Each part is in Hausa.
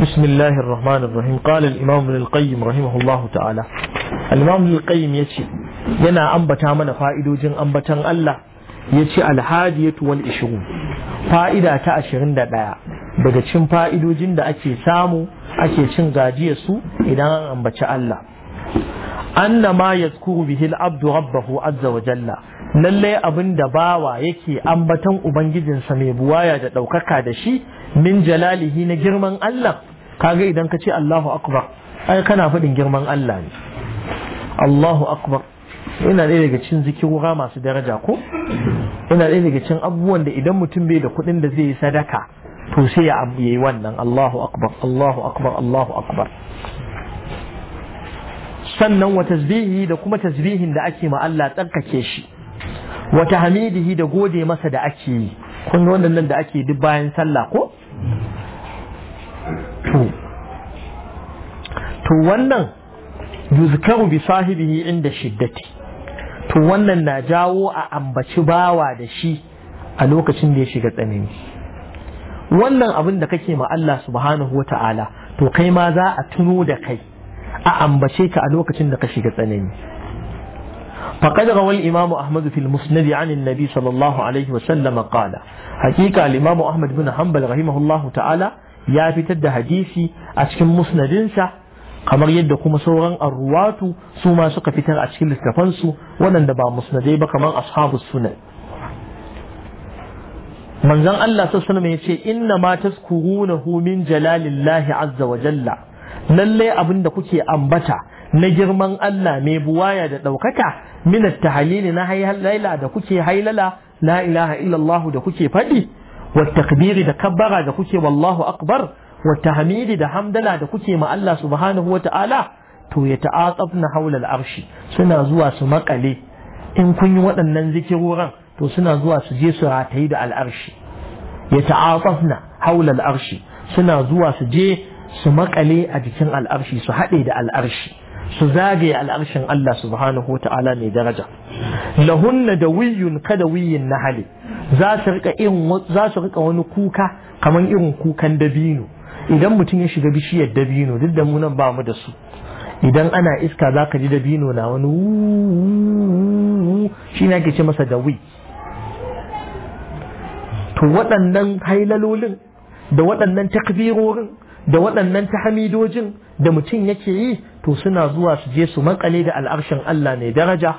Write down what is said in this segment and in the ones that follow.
بسم الله الرحمن الرحيم قال الإمام ابن القيم رحمه الله تعالى الإمام ابن القيم يتي ينا أنبتا من فائدو جن أنبتا الله يتي الحادية والإشرون فائدة تأشرين دا daga cin fa'idojin da ake samu ake cin gajiya su idan an ambaci Allah Annama ma yazkuru bihil al-abdu rabbahu azza wa jalla lallai abin da bawa yake ambatan ubangijinsa mai buwaya da ɗaukaka da shi min jalalihi na girman Allah kaga idan ka ce Allahu akbar ai kana faɗin girman Allah ne Allahu akbar yana ɗaya daga cikin zikirwa masu daraja ko yana ɗaya daga cikin abubuwan da idan mutum bai da kuɗin da zai yi sadaka to sai ya abu yayi wannan Allahu akbar Allahu akbar Allahu akbar sannan wa tasbihi da kuma tasbihin da ake ma Allah tsarkake shi wa tahmidihi da gode masa da ake yi kun ga wannan da ake duk bayan sallah ko to wannan yuzkaru bi sahibihi inda shiddati to wannan na jawo a ambaci bawa da shi a lokacin da ya shiga tsanani wannan abin da kake ma Allah subhanahu wa to kai ma za a tuno da kai a ambace ka a lokacin da ka shiga tsanani فقد روى الإمام أحمد في المسند عن النبي صلى الله عليه وسلم قال حقيقة الإمام أحمد بن حنبل رحمه الله تعالى ya fitar da hadisi a cikin musnadinsa kamar yadda kuma sauran arruwatu su ma suka fitar a cikin littafansu waɗanda ba musnadai ba kamar ashabu sunan manzon Allah sassan alaihi ya ce inna ma tazkurunahu min jalalillahi azza wa jalla lalle abin da kuke ambata na girman Allah mai buwaya da ɗaukaka min at na haylala da kuke hailala la ilaha illallahu da kuke faɗi wa takbiri da kabara da kuke wallahu akbar wata tahmidi da hamdala da kuke ma Allah subhanahu wata'ala to ya ta'atsafna haula al'arshi suna zuwa su makale in kunyi waɗannan zikiroran to suna zuwa su su ratayi da al'arshi ya ta'atsafna haula al'arshi suna zuwa su je su maƙale a jikin al'arshi su haɗe da al'arshi su zage al'arshin Allah subhanahu wata'ala mai daraja lahunna da wiyun kada na hali. za su rika irin za su rika wani kuka kamar irin kukan dabino idan mutum ya shiga bishiyar dabino duk da mu nan ba mu da su idan ana iska za ka ji dabino na wani shi ne ake ce masa dawi to waɗannan hailalolin da waɗannan takbirorin da waɗannan tahamidojin da mutum yake yi to suna zuwa su je su makale da al'arshin Allah mai daraja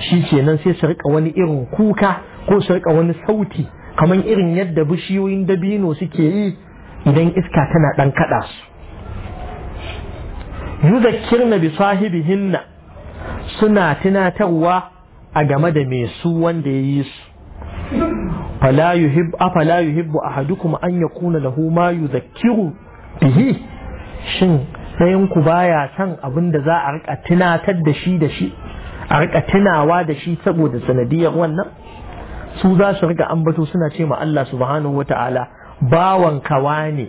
shi kenan sai su rika wani irin kuka ko su rika wani sauti kamar irin yadda bishiyoyin dabino suke yi idan iska tana ɗan kaɗa su yuzakkirna bi sahibihinna suna tunatarwa a game da mai su wanda ya yi su fala yuhib afala yuhibbu ahadukum an yakuna lahu ma yuzakkiru bihi shin ɗayan ku baya san abin da za a riƙa tunatar da shi da shi a rika tunawa da shi saboda sanadiyar wannan su za su rika ambato suna ce ma Allah subhanahu wata'ala bawan kawa ne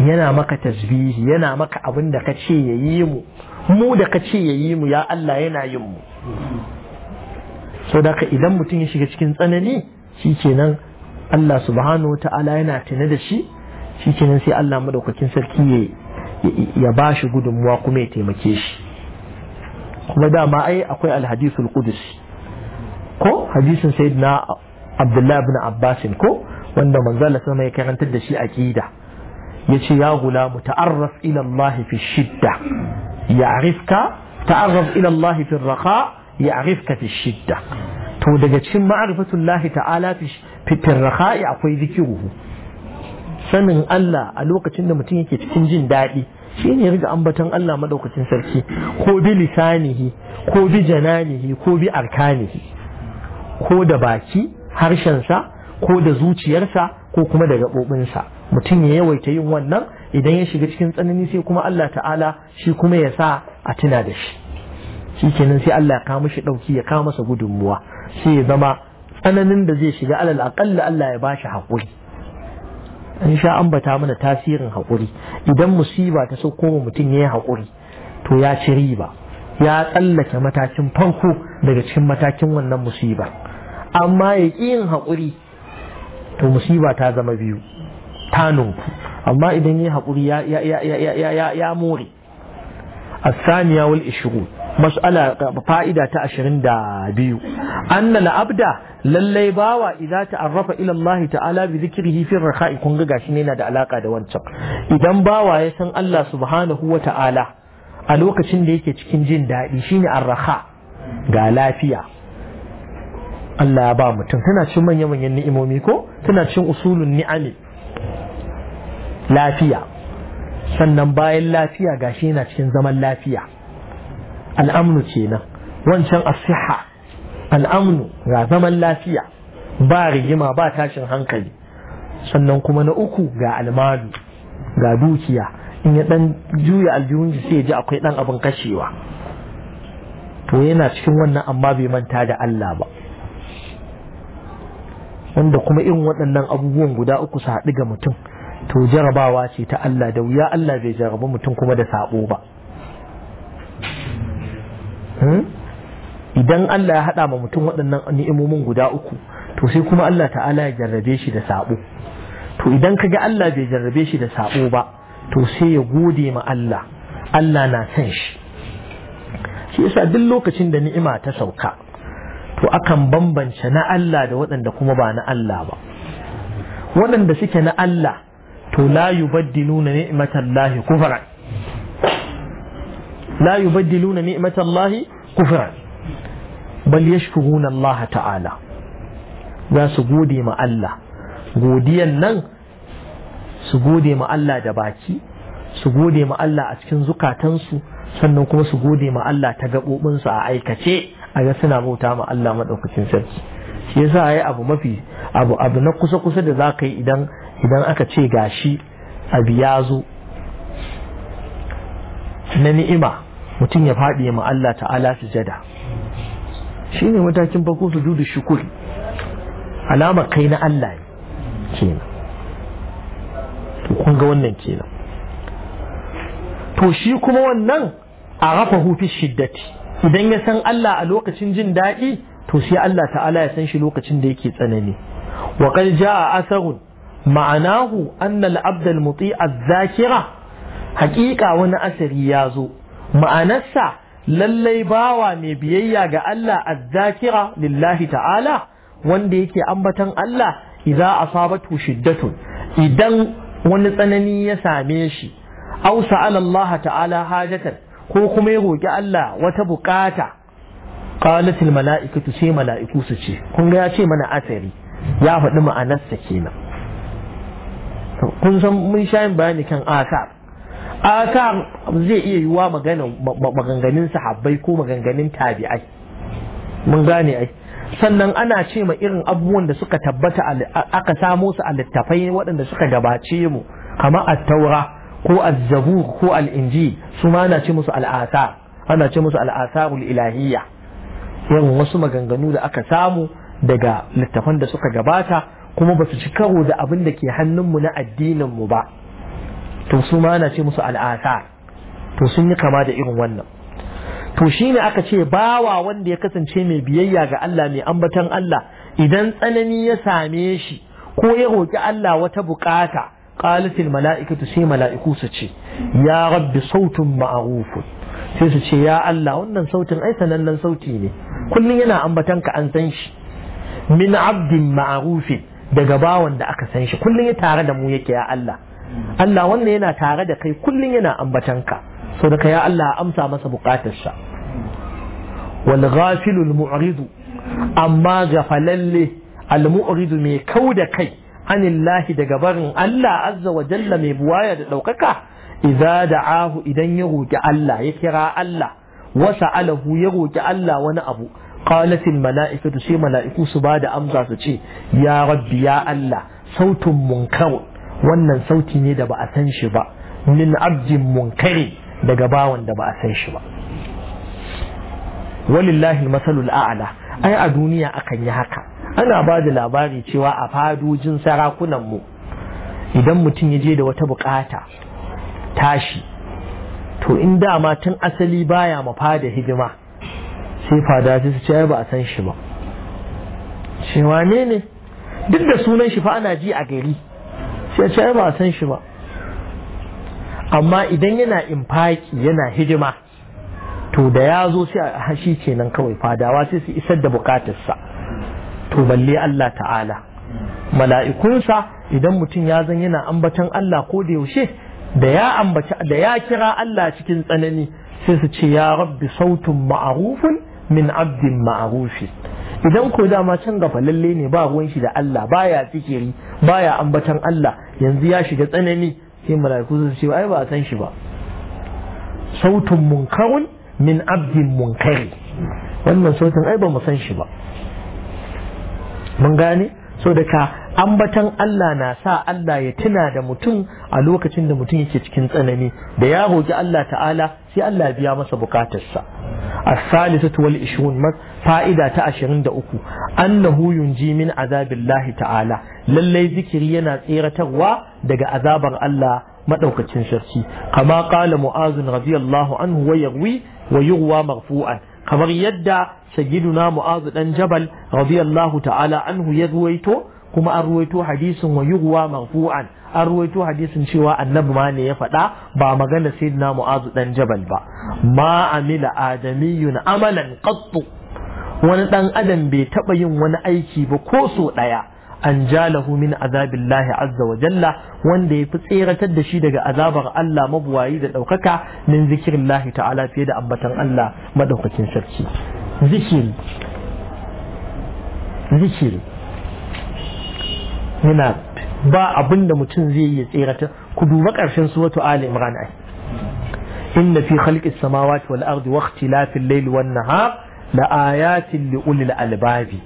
yana maka tasbihi yana maka abin da ka ce ya yi mu mu da ka ce ya yi mu ya Allah yana yin mu so da ka idan mutum ya shiga cikin tsanani shi kenan Allah subhanahu wata'ala yana tuna da shi shi kenan sai Allah madaukakin sarki ya ba shi gudunmuwa kuma ya taimake shi kuma dama ai akwai alhadisul qudsi ko hadisin sayyidina abdullah ibn abbas ko wanda manzala sama ya karantar da shi aqida yace ya gulamu ta'arraf ila Allah fi shidda ya'rifka ta'arraf ila Allah fi raqa ya'rifka fi shidda to daga cikin allah ta'ala fi fi raqa akwai zikiru sanin Allah a lokacin da mutum yake cikin jin daɗi shi ne riga ambaton Allah madaukakin sarki ko bi lisanihi ko bi jananihi ko bi arkanihi ko da baki harshen sa ko da zuciyarsa ko kuma da gaɓoɓinsa mutum ya yawaita yin wannan idan ya shiga cikin tsanani sai kuma Allah ta'ala shi kuma ya sa a tuna da shi shi kenan sai Allah ya kama mishi ɗauki ya kama masa gudunmuwa sai ya zama tsananin da zai shiga alal aƙalla Allah ya bashi haƙuri an sha ambata mana tasirin haƙuri idan musiba ta sauko wa mutum ya yi haƙuri to ya ci riba ya tsallake matakin farko daga cikin matakin wannan musiba amma ya ƙi yin haƙuri to musiba ta zama biyu ta nunku amma idan ya yi haƙuri ya more a saniya wal ishiru mas'ala fa'ida ta 22 anna al-abda lallai bawa idza arrafa ila Allah ta'ala bi dhikrihi fi rakha'i kun ga gashi ne yana da alaka da wancan idan bawa ya san Allah subhanahu wa ta'ala a lokacin da yake cikin jin daɗi shine ar ga lafiya Allah ya ba mutum tana cin manyan manyan ni'imomi ko tana cin usulun ni'ami lafiya sannan bayan lafiya gashi yana cikin zaman lafiya al'amnu kenan wancan asiha al'amnu ga zaman lafiya ba rigima ba tashin hankali sannan kuma na uku ga almadu ga dukiya in ya dan juya aljihun sai ya ji akwai dan abin kashewa to yana cikin wannan amma bai manta da Allah ba wanda kuma irin waɗannan abubuwan guda uku su haɗu ga mutum to jarabawa ce ta Allah da wuya Allah bai jarabi mutum kuma da sabo ba Hmm? idan Allah ya haɗa ma mutum waɗannan ni'imomin guda uku to sai kuma Allah ta'ala ya jarrabe shi da sabo to idan ka ga Allah bai jarrabe shi da sabo ba to sai ya gode ma Allah Allah na san shi shi yasa duk lokacin da ni'ima ta sauka to akan bambance na Allah da waɗanda kuma ba na Allah ba waɗanda suke na Allah to la yubaddiluna ni'matallahi kufran la yubaddiluna ni'matallahi kufran bal yashkuruna Allah ta'ala za su gode ma Allah godiyan nan su gode ma Allah da baki su gode ma Allah a cikin zukatansu sannan kuma su gode ma Allah ta gaɓoɓinsu a aikace a ga suna bauta ma Allah maɗaukacin sarki shi yasa ai abu mafi abu abu na kusa kusa da za ka yi idan idan aka ce gashi abu ya zo na ni'ima mutum ya faɗi ma Allah ta'ala sujada shi ne matakin farko su judu shukur alamar kai na Allah ne kenan to kun ga wannan kenan to shi kuma wannan a rafa hufi shiddati idan ya san Allah a lokacin jin daɗi to sai Allah ta'ala ya san shi lokacin da yake tsanani wa qad jaa asarun ma'anahu anna al-abd al-muti' zakira haqiqa wani asari ya zo ma'anarsa lallai bawa mai biyayya ga Allah azzakira lillahi ta'ala wanda yake ambatan Allah idza asabatu shiddatun idan wani tsanani ya same shi aw sa'ala Allah ta'ala hajatar ko kuma ya roki Allah wata buƙata. ƙalatul mala'ikatu sai mala'iku su ce kun ga ya ce mana asari ya faɗi ma'anarsa kenan kun san mun sha yin bayani kan asar asar zai iya yi wa magana maganganun sahabbai ko maganganun tabi'ai mun gane ai sannan ana ce ma irin abubuwan da suka tabbata aka samo su a littafai waɗanda suka gabace mu kamar at-taura ko az-zabur ko al-injil su ma ana ce musu al-asar ana ce musu al-asarul ilahiyya irin wasu maganganu da aka samu daga littafan da suka gabata kuma ba su ci karo da abin da ke hannunmu na addinin mu ba to su ma ana ce musu al'asar to sun yi kama da irin wannan to ne aka ce bawa wanda ya kasance mai biyayya ga Allah mai ambatan Allah idan tsanani ya same shi ko ya roki Allah wata bukata qalatil mala'ikatu sai mala'iku su ce ya rabbi sautun ma'ruf sai su ce ya Allah wannan sautin ai sanannen sauti ne kullun yana ambatan ka an san shi min abdin ma'ruf daga bawan da aka san shi kullun ya tare da mu yake ya Allah Allah wannan yana tare da kai kullum yana ambatan ka so da ya Allah amsa masa bukatarsa wal ghafilul mu'rid amma gafalalle al mu'rid mai kau da kai anillahi daga barin Allah azza wa jalla mai buwaya da daukaka idza da'ahu idan ya roki Allah ya kira Allah wasa alahu ya roki Allah wani abu qalat al mala'ikatu sai mala'iku su bada amsa su ce ya rabbi ya Allah sautun munkar wannan sauti ne da ba a san shi ba min abdin munkari daga bawan da ba a san shi ba walillahi masalul a'la ai a duniya akan yi haka ana ba da labari cewa a fadojin sarakunan mu idan mutum ya je da wata bukata tashi to in dama tun asali baya mafa da hidima sai fada sai su ce ba a san shi ba shi wane ne duk da sunan shi fa ana ji a gari sai ce ba san shi ba amma idan yana infaki yana hidima to da ya zo sai a hashi kenan kawai fadawa sai su isar da bukatarsa to balle Allah ta'ala mala'ikunsa idan mutum ya zan yana ambatan Allah ko da yaushe da ya ambaci da ya kira Allah cikin tsanani sai su ce ya rabbi sautun ma'arufin min abdin ma'arufi idan ko dama can gafa lalle ne ba ruwan shi da Allah baya zikiri baya ambatan Allah yanzu ya shiga tsanani sai mala'iku su ce ai ba a san shi ba sautun munkarun min abdin munkari wannan sautin ai ba mu san shi ba mun gane so da ka ambatan Allah na sa Allah ya tuna da mutum a lokacin da mutum yake cikin tsanani da ya roki Allah ta'ala sai Allah biya masa bukatarsa as-salisatu wal 20 fa'ida ta ashirin 23 annahu yunji min azabillahi ta'ala lallai zikiri yana tseratarwa daga azabar Allah maɗaukacin sarki kama qala mu'azun radiyallahu anhu wa yarwi wa yughwa marfu'an kamar yadda sayyiduna mu'azu ɗan jabal radiyallahu ta'ala anhu ya ruwaito kuma an ruwaito hadisin wa yughwa marfu'an an ruwaito hadisin cewa annabi ma ne ya faɗa ba magana sayyidina mu'azu ɗan jabal ba ma amila adamiyyun amalan qattu wani ɗan adam bai taɓa yin wani aiki ba ko so ɗaya an jalahu min azabillahi azza wa jalla wanda ya fi tseratar da shi daga azabar Allah mabuwayi da ɗaukaka min zikirin lahi ta'ala fiye da ambatan Allah maɗaukakin sarki zikiri zikiri yana ba abin da mutum zai yi tseratar ku duba ƙarshen suwatu Ali Imran ai inna fi khalqis samawati wal ardi wa ikhtilafil layli wan nahar da ayatin li ulil albabi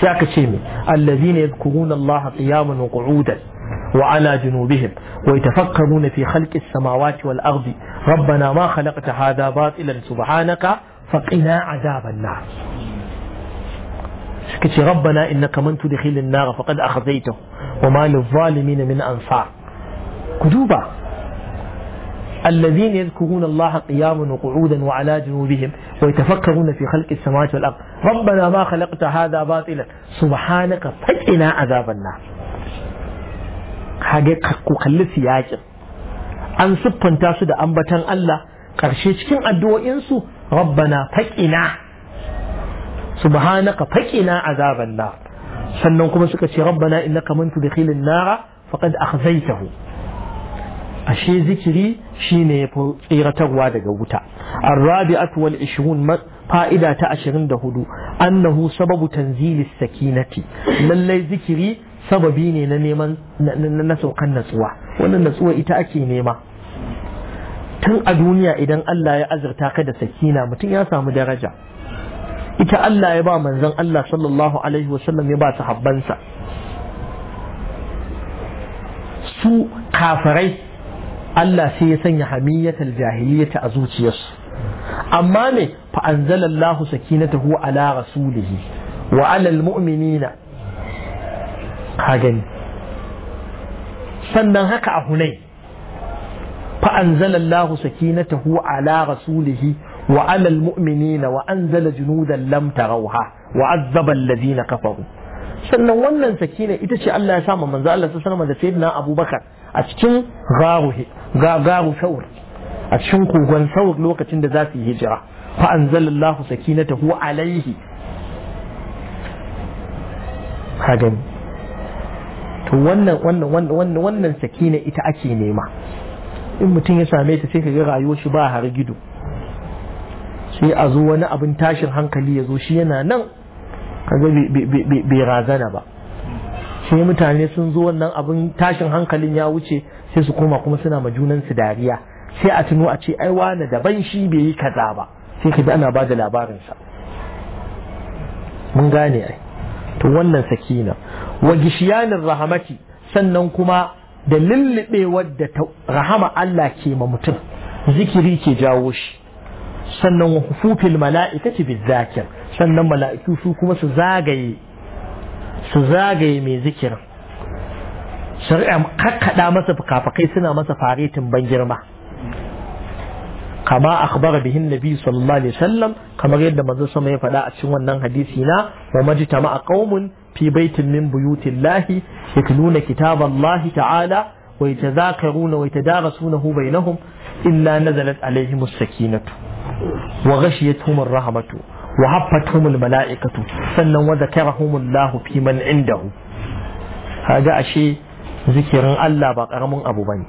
sai aka ce me allazina yadhkuruna Allah qiyaman wa qu'udan wa ala junubihim wa yatafakkaruna fi khalqis samawati wal ardi rabbana ma khalaqta hadha batilan subhanaka faqina adhaban nar suka ce rabbana innaka man tudkhilin nar faqad akhzaytahu wa ma lil zalimin min ansar ku duba الذين يذكرون الله قياما وقعودا وعلى جنوبهم ويتفكرون في خلق السماوات والأرض ربنا ما خلقت هذا باطلا سبحانك فقنا عذاب النار kage ku kalli siyakin an siffanta su da ambatan Allah ƙarshe cikin addu'o'insu rabbana faqina subhanaka faqina azaban nar sannan kuma suka ce rabbana innaka man tudkhilin nara faqad akhzaytahu ashe zikiri shine ya fi tsiratarwa daga wuta arrabi'atu wal ishirin fa'ida ta ashirin da hudu annahu sababu tanzilis sakinati lallai zikiri sababi ne na neman na saukan natsuwa wannan natsuwa ita ake nema tun a duniya idan Allah ya azurta ka da sakina mutum ya samu daraja ita Allah ya ba manzon Allah sallallahu alaihi wasallam ya ba sahabbansa su kafirai Allah sai ya sanya hamiyatal jahiliyata a zuciyarsu amma me fa anzalallahu sakinatahu ala rasulihi wa ala almu'minina ka gani sannan haka a hunai fa anzalallahu sakinatahu ala rasulihi wa ala almu'minina wa anzala junudan lam tarawha wa azzaba alladhina kafaru sannan wannan sakina ita ce Allah ya sa manzo Allah sallallahu alaihi wasallam da sayyidina Abubakar a cikin garu saur a cikin kogon saur lokacin da za su yi hijira fa anzalallahu sakinatahu alaihi ka gani to wannan wannan wannan wannan sakina ita ake nema in mutum ya same ta sai ka ga rayuwar shi ba har gido sai a zo wani abin tashin hankali ya zo shi yana nan kaga bai razana ba sai mutane sun zo wannan abin tashin hankalin ya wuce sai su koma kuma suna ma junansu dariya sai a tuno a ce ai wani daban shi bai yi kaza ba sai ka bi ana ba da labarinsa mun gane ai to wannan sakina wa gishiyanin rahamati sannan kuma da da ta rahama Allah ke ma mutum zikiri ke jawo shi sannan wa hufufil mala'ikati bizakir sannan mala'iku su kuma su zagaye su zagaye mai zikirin shari'a kakkada masa fukafakai suna masa faretin ban girma kama akhbara bihin nabi sallallahu alaihi wasallam kamar yadda manzo sama ya faɗa a cikin wannan hadisi na wa majtama qaumun fi baitin min buyutillahi yatluna kitaballahi ta'ala wa yatazakaruna wa yatadarasunahu bainahum illa nazalat alaihimus sakinatu wa ghashiyatuhum ar-rahmatu wa haffatuhumul mala'ikatu sannan wa zakarahumullahu fi man indahu kaga ashe zikirin Allah ba ƙaramin abu bane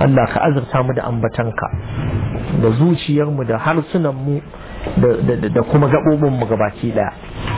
Allah ka azurta mu da ambatanka da zuciyarmu da harsunanmu da kuma gaɓoɓinmu gabaki ɗaya